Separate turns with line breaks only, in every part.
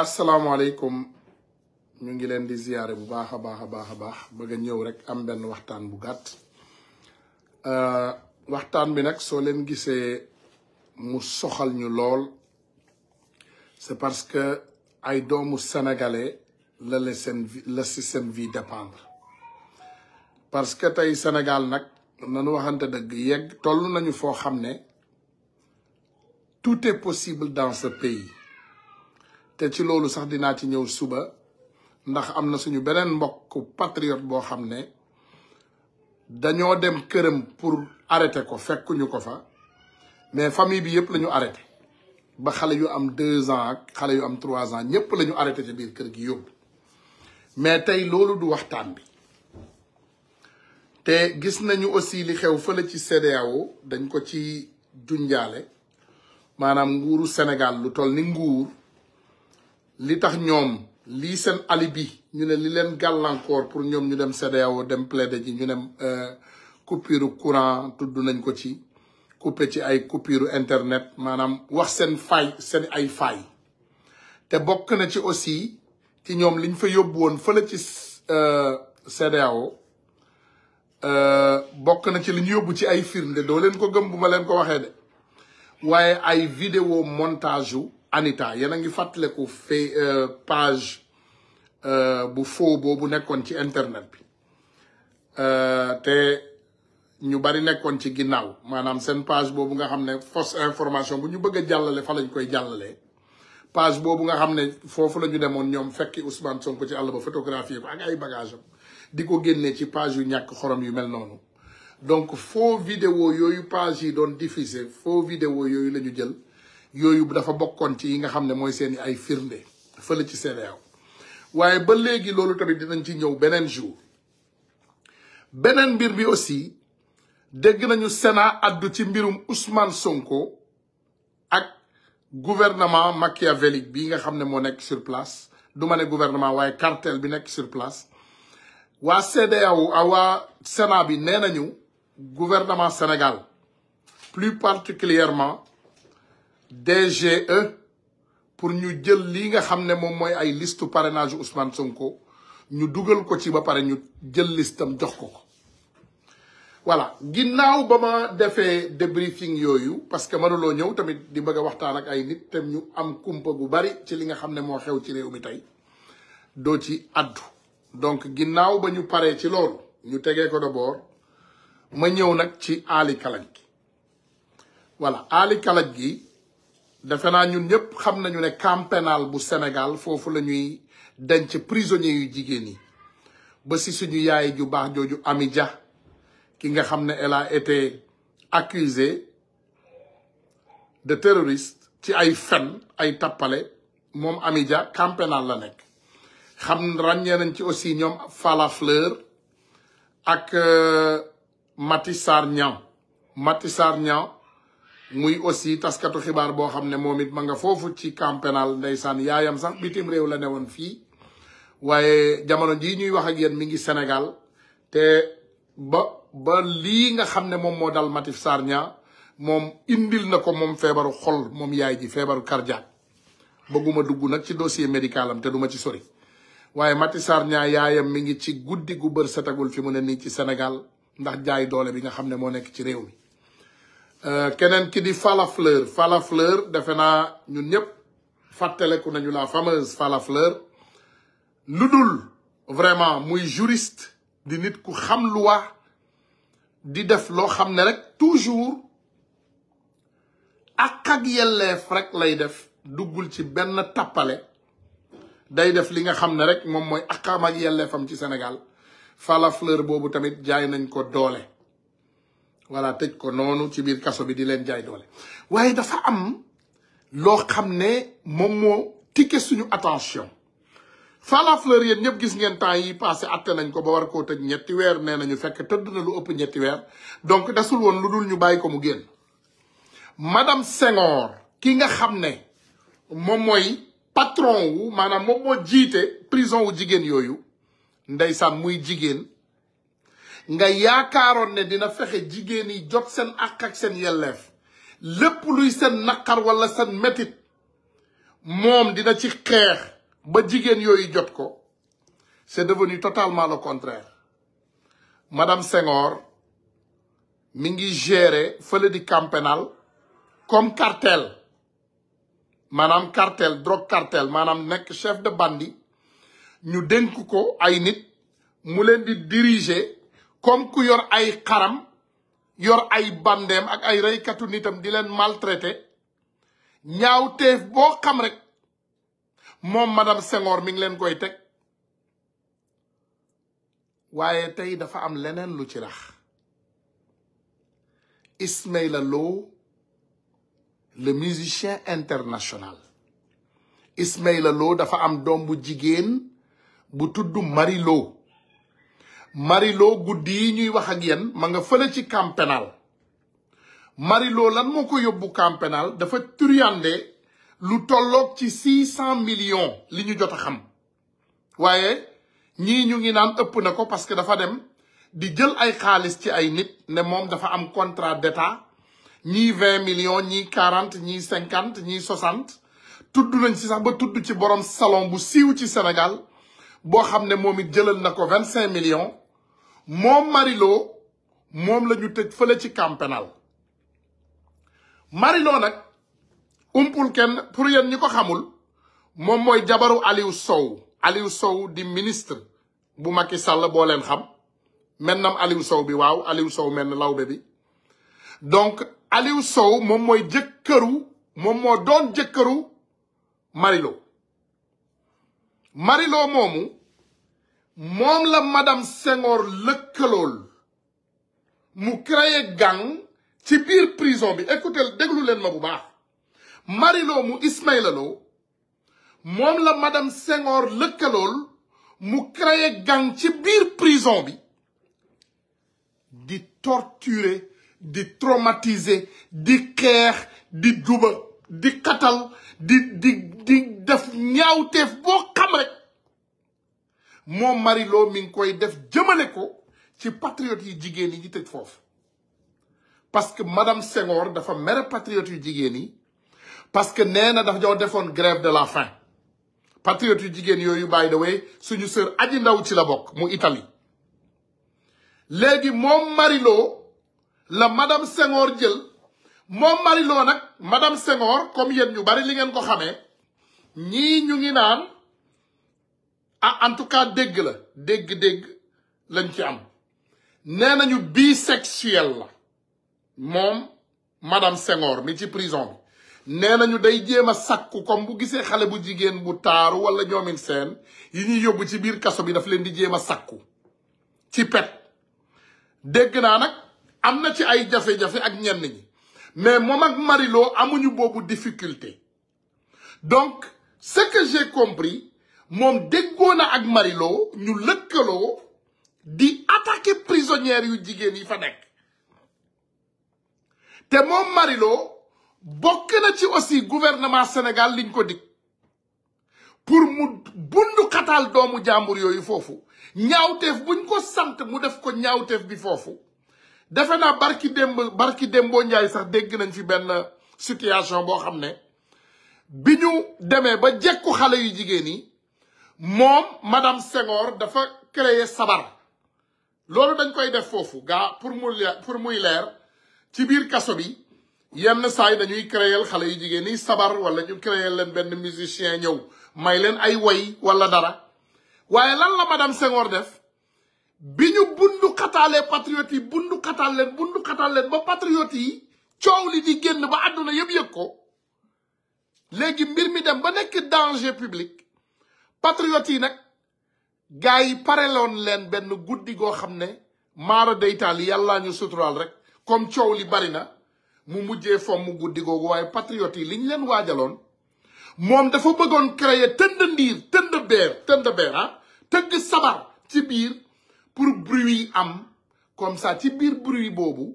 asalaamaaleykum ñu ngi leen di ziyaare bu baax a baax a baax a baax bëgg ñëw rek am benn waxtaan bu gàtt euh, waxtaan bi nag soo leen gisee mu soxal ñu lool c'est parce que ay doomu sénégalais la la seen vie dépendre parce que tey Sénégal nag nanu waxante dëgg yegg toll nañu foo xam ne tout est possible dans ce pays te ci loolu sax dinaa ci ñëw suba ndax am na suñu beneen mbokk patriote boo xam ne dañoo dem këram pour arrêter ko fekkuñu ko fa mais famille bi yëpp la ñu arrêté ba xale yu am deux ans ak xale yu am trois ans ñëpp la ñu arrêté ci biir kër gi yóbbu mais tey loolu du waxtaan bi te gis nañu aussi li xew fële ci CEDEAO dañ ko ci junjaale maanaam nguuru Sénégal lu toll ni nguur. li tax ñoom lii seen alibi ñu ne li leen gàllankoor pour ñoom ñu dem CEDEAO dem plaider ji ñu ne euh, coupure courant tudd nañ ko ci coupé ci ay coupure internet maanaam wax seen fay seen ay faay te bokk na ci aussi ci ñoom liñ fa yóbbu woon fële ci euh, CEDEAO euh, bokk na ci li ñu yóbbu ci ay firnde doo leen ko gëm bu ma leen ko waxee de waaye ay vidéo montages yu Anita ya nangi ngi fàttaleku fee euh, page euh, bu faux boobu nekkoon ci internet bi euh, te ñu bari nekkoon ci ginnaaw maanaam seen page boobu nga xam ne fausse information bu ñu bëgg a jàllale fa lañ koy jàllalee page boobu nga xam ne foofu la ñu demoon ñoom fekki Ousmane Sonko ci àll ba photographier ko ak ay bagage am di ko génnee ci page yu ñàkk xorom yu mel noonu donc faux vidéo yooyu page yi doon diffusé faux vidéo yooyu la jël yooyu dafa bokkon ci yi nga xam moy mooy seen ay firnde fële ci CEDEAO waye ba léegi lolu tamit dinañ ci ñëw benen jour benen mbir bi aussi degg nañu Sénat addu ci mbirum Ousmane Sonko ak gouvernement machiavélique bi nga xam mo nek sur place du ma ne gouvernement waye cartel bi nek sur place wa CEDEAO awa ah, Sénat bi nee gouvernement Sénégal plus particulièrement DGE pour ñu jël lii nga xam ne moom mooy ay liste parrainage Ousmane Sonko ñu dugal ko ci ba pare ñu jël listam jox ko ko voilà ginnaaw ba ma defee débriefing yooyu parce que mënuloo ñëw tamit di bëgg a waxtaan ak ay nit te ñu am kumpa gu bari ci li nga xam ne moo xew ci réew mi tey doo ci addu donc ginnaaw ba ñu paree ci lool ñu tege ko d'abord ma ñëw nag ci aali kalaj gi voilà kalaj gi defe naa ñun ñëpp xam nañu ne camp bu Sénégal foofu la ñuy denc prisonniers yu jigéen yi ba si suñu yaay ju baax jooju Ami Dia ki nga xam ne elle a été accusée de terroriste ci ay fen ay tappale moom Ami Dia camp la nekk xam ràññee nañ ci aussi ñoom Falla Fleur ak euh, Mati Sarr Niang Mati Sarr Niang muy aussi taskatu xibaar boo xam ne moom it ma nga foofu ci camp pénal yaayam sax bitim réew la ne woon fii waaye jamono jii ñuy wax ak mi ngi senegal te ba lii nga xam ne moom moo dal Matif Sarnia moom indil na ko moom feebaru xol moom yaay ji feebaru karja bëgguma dugg nag ci dossier médicalam te duma ci sori waaye Matif Sarnia yaayam mi ngi ci guddi gu bër setagul fi mu ne nii ci Sénégal ndax jaay doole bi nga xam ne moo nekk ci réew mi Euh, keneen ki di Falla Fleur Falla defe naa ñun ñëpp fàttaleku nañu la fameuse Falla lu dul vraiment muy juriste di nit ku xam loi di def loo xam ne rek toujours ak ak yelleef rek lay def duggul ci benn tappale day def li nga xam ne rek moom mooy akam ak yelleefam ci Sénégal Falla boobu tamit jaay nañ ko doole voilà tëj ko noonu ci biir kaso bi di leen jaay doole waaye dafa am loo xam ne moom moo tikke suñu attention Falla Fleur yéen ñëpp gis ngeen temps yi passé atte nañ ko ba war koo tëj ñetti weer nee ñu fekk tëdd na lu ëpp ñettiweer donc desul woon lu dul ñu bàyyi ko mu génn madame Senghor ki nga xam ne moom mooy patron wu maanaam moom moo jiite prison wu jigéen yooyu ndeysaan muy jigéen nga yaakaaroon ne dina ak ak dina ci ba c'est devenu totalement le contraire madame Senghor mi ngi gérer di camp comme cartel Madame cartel drogue cartel Madame nekk chef de bandit ñu dénk ko ay nit di diriger kom ku yor ay xaram yor ay bandeem ak ay reykatu nitam di leen maltraité ñaaw teef boo xam rek moom madame Senghor mi ngi leen koy teg waaye tey dafa am leneen lu ci rax Ismaïla Lo le musicien international la loo dafa am doom bu jigéen bu tudd Marie Lo marilo gudi ñuy wax ak yeen ma nga fële ci camp pénal marilo lan moko yobbu camp pénal dafa turiandé lu tollok ci 600 millions li ñu jotta xam wayé ñi ñu ngi naan ëpp nako parce que dafa dem di jël ay xaaliss ci ay nit né mom dafa am contrat d'état ñi 20 millions ñi 40 ñi 50 ñi 60 tuddu nañ ci sax ba tuddu ci borom salon bu siiw ci Sénégal bo xamné momit jëlal nako 25 millions moom Marilo moom la ñu tëj fale ci kampenal pénal Marilo nag umpul kenn pour yéen ñi ko xamul moom mooy jabaru Aliou Sow Aliou Sow di ministre bu Macky Sall boo leen xam maintenant Aliou Sow bi waaw Aliou Sow menn lawbe bi donc Aliou Sow moom mooy jëkkëru moom moo doon jëkkëru Marilo Marilo moomu mom la madame Senghor lequelol, mu créé gang ci bir prison bi écoutez déglu len ma bu baax m'ou mu Ismaïla Lo la madame Senghor lequelol, mu créé gang ci bir prison bi di torturer de traumatiser di kher di douba di katal di di di def ñaawtef bo xam rek moom Marie Lo mi ngi koy def jëmale ko ci patriotes yu jigéen yi ñu tëj foofu parce que madame Senghor dafa mere patriotes yu jigéen yi parce que nee na dafa ñoo defoon grève de la faim patriotes yu jigéen yooyu by the suñu sœur aji ndaw ci la bokk mu Italie léegi moom mariloo la madame Senghor jël moom Marie nag madame Senghor comme yéen ñu bari li ngeen ko xamee ñii ñu ngi naan Ah, en tout cas dégg la dégg-dégg lañ ci am nee nañu bisexuel la moom madame Senghor bi ci prison bi nee nañu day jéem a sakku comme bu gisee xale bu jigéen bu taaru wala ñoomin seen yi ñu yóbbu ci biir kaso bi daf leen di jéem a sakku ci pet dégg naa nag am na ci ay jafe-jafe ak ñenn ñi mais moom ak Marilou amuñu boobu difficulté donc ce que j'ai compris moom déggoo na ak Marilou ñu lëkkaloo di attaquer prisonnières yu jigéen yi fa nekk te moom Marilou bokk na ci aussi gouvernement Sénégal liñ ko dig pour mu bundu xataal doomu jàmbur yooyu foofu ñaawteef buñ ko sant mu def ko ñaawteef bi foofu defe naa barki démb barki démboo njaay sax dégg nañ fi benn situation boo xam ne bi ñu demee ba jekku xale yu jigéen yi Mom, madame Senghor dafa créer sabar lolu dañ koy def fofu, ga pour mouiller pour muy de ci bir kasso bi yenn dañuy créer xalé sabar wala ñu créer leen ben musicien ñew may leen ay wala dara lan la madame Senghor def biñu bundu katale patrioti, bundu katale, bundu katale, ba patriote yi li di génn ba aduna yeb yeko légui dem ba danger public patriotes yi nag gars yi pareloon leen benn guddi goo xam ne maara daytaali yàllaa ñu suturaal rek comme coow li bari na mu mujjee fomm guddi googu waaye patriotes yi liñ leen waajaloon moom dafa bëggoon créer tënd ndiir tënd beer tënd beer ah sabar ci biir pour bruit am comme ça ci biir bruit boobu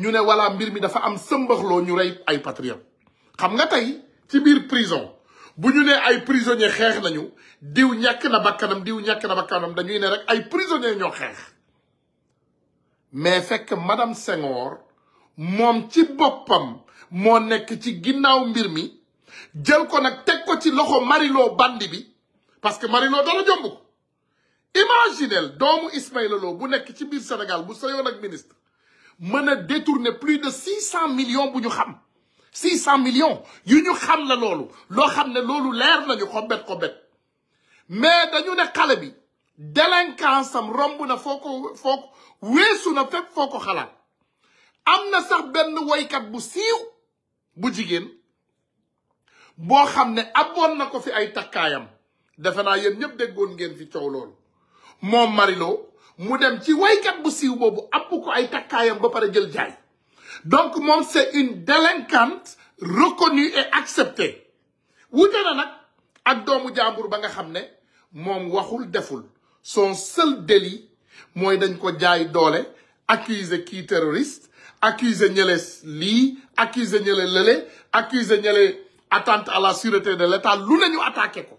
ñu ne wala mbir mi dafa am sëmbaxloo ñu rey ay patriote xam nga tey ci biir prison bu ñu nee ay prisonnier xeex nañu diw ñàkk na bakkanam diw ñàkk na bakkanam dañuy ne rek ay prisonnier ñoo xeex mais fekk madame Senghor moom ci boppam moo nekk ci ginnaaw mbir mi jël ko nag teg ko ci loxo marilo bandi bi parce que mariloo dara jomb ko imaginel doomu Ismaïla bu nekk ci biir Sénégal bu yoon ak ministre mën a détourner plus de six cent millions bu ñu xam six cent millions yu ñu xam la loolu loo xam ne loolu leer nañu xobet xobet mais dañu ne xale bi délinquance kansam romb na foo ko foo weesu na fépp foo xalaat am na sax benn woykat bu siiw bu jigéen boo xam ne aboon na ko fi ay takkaayam defe naa yéen ñëpp déggoon ngeen fi coow loolu moom Marilou mu dem ci woykat bu siiw boobu app ko ay takkaayam ba pare jël jaay donc moom c'est une délinquante reconnue et acceptée wute na nag ak doomu jàmbur ba nga xam ne waxul deful son seul délit mooy dañ ko jaay doole accuser qui terroriste accuser ñële Li, accuser ñële Lele, accuser ñële attente à la sûreté de l'État lu ne ñu attaqué ko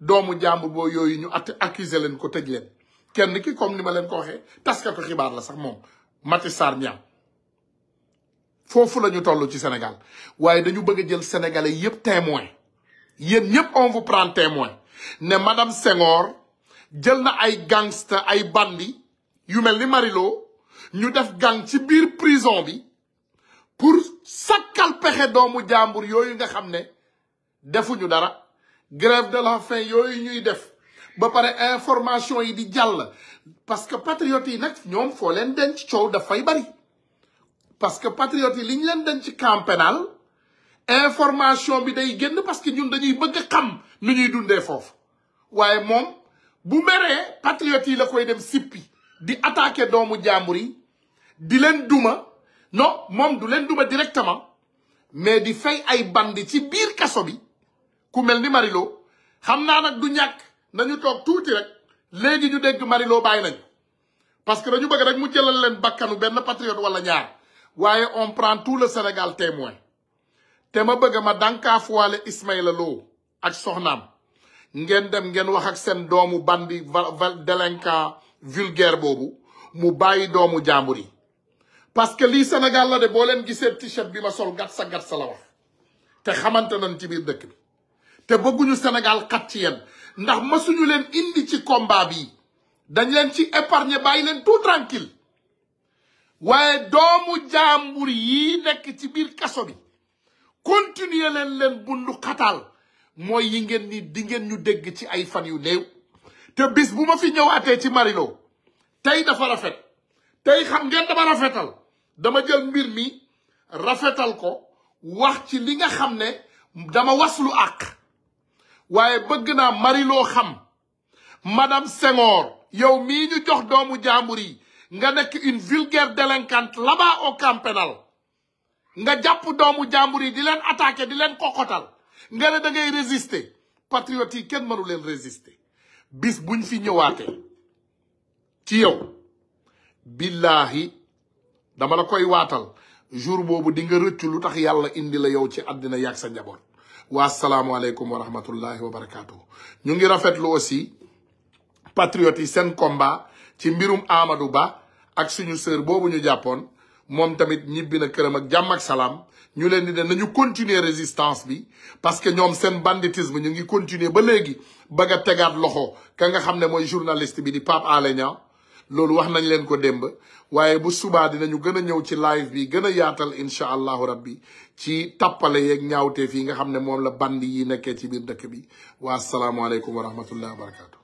doomu jàmbur boo yooyu ñu att accuser len ko tëj leen kenn ki comme ni ma len ko waxee taskatu xibar la sax mom Matissar Sarr Niang foofu la ñu toll ci Sénégal waaye dañu bëgg a jël sénégalais yépp témoin yéen ñëpp on vous prend témoin ne madame Senghor jël na ay gangster ay bandi yu mel ni Marilo ñu def gang ci biir prison bi pour sakkal pexe doomu jàmbur yooyu nga xam ne defuñu dara grève de la faim yooyu ñuy def ba pare information yi di jàll parce que patriotes yi nag ñoom foo leen denc coow dafay bari parce que patriotes yi li ñu leen denc ci camp information bi day génn parce que ñun dañuy bëgg xam nu ñuy dundee foofu waaye moom bu meree patriotes yi la koy dem sippi di attaquer doomu jàmbur yi di leen duma non moom du leen duma directement mais di fay ay bandi ci biir kaso bi ku mel ni Marilo xam naa nag du ñàkk nañu toog tuuti rek léegi ñu dégg Marilo bàyyi nañu parce que dañu bëgg rek mu jëlal leen bakkanu benn patriote wala ñaar waye on prend tout le Sénégal témoin te ma bëgg ma dànkaafuwaale Ismaïla Lo ak soxnaam ngeen dem wax ak doomu bandi delenka vulgaire bobu mu bàyyi doomu jàmbur yi parce que li Sénégal la de boo t-shirt bi ma sol gat gatsa la wax te xamante nañ ci biir dëkk bi te bëgguñu Sénégal xat ci yéen ndax len indi ci combat bi dañ leen ci épargner bayi len tout tranquille waaye doomu jaambur yi nekk ci biir kaso bi continuer leen leen bundu xataal mooy yi ngeen ni di ngeen ñu dégg ci ay fan yu néew te bis bu ma fi ñëw ate ci marilo tey dafa rafet tey xam ngeen dama rafetal dama jël mbir mi rafetal ko wax ci li nga xam ne dama was lu àq waaye bëgg naa Mariloo xam madame Senghor yow mii ñu jox doomu jaambur yi nga nek une vulgaire délinquante là-bas au camp pénal nga japp doomu jamburi di len attaquer di len kokotal nga ne da ngay résister patriote yi kenn résister bis buñ fi ñëwaaté ci yow billahi dama la koy waatal jour bobu di nga reccu lutax yalla indi la yow ci adina yak sa wa assalamu alaykum wa rahmatullahi wa barakatuh ñu ngi rafetlu aussi patriote yi combat ci mbirum Amadou Ba ak suñu sœur boobu ñu jàppoon moom tamit ñibbi na këram ak jàmm ak salaam ñu leen di ne nañu continuer résistance bi parce que ñoom seen banditisme ñu ngi continuer ba léegi bëgg a tegaat loxo ka nga xam ne mooy journaliste bi di Pape Alé Niang loolu wax nañ leen ko demb waaye bu subaa dinañu gën a ñëw ci live bi gën a yaatal incha allahu rabbi ci tappale yeeg ñaawteef yi nga xam ne moom la bandi yi nekkee ci biir dëkk bi waa asalaamualeykum wa rahmatullahi wa barakatu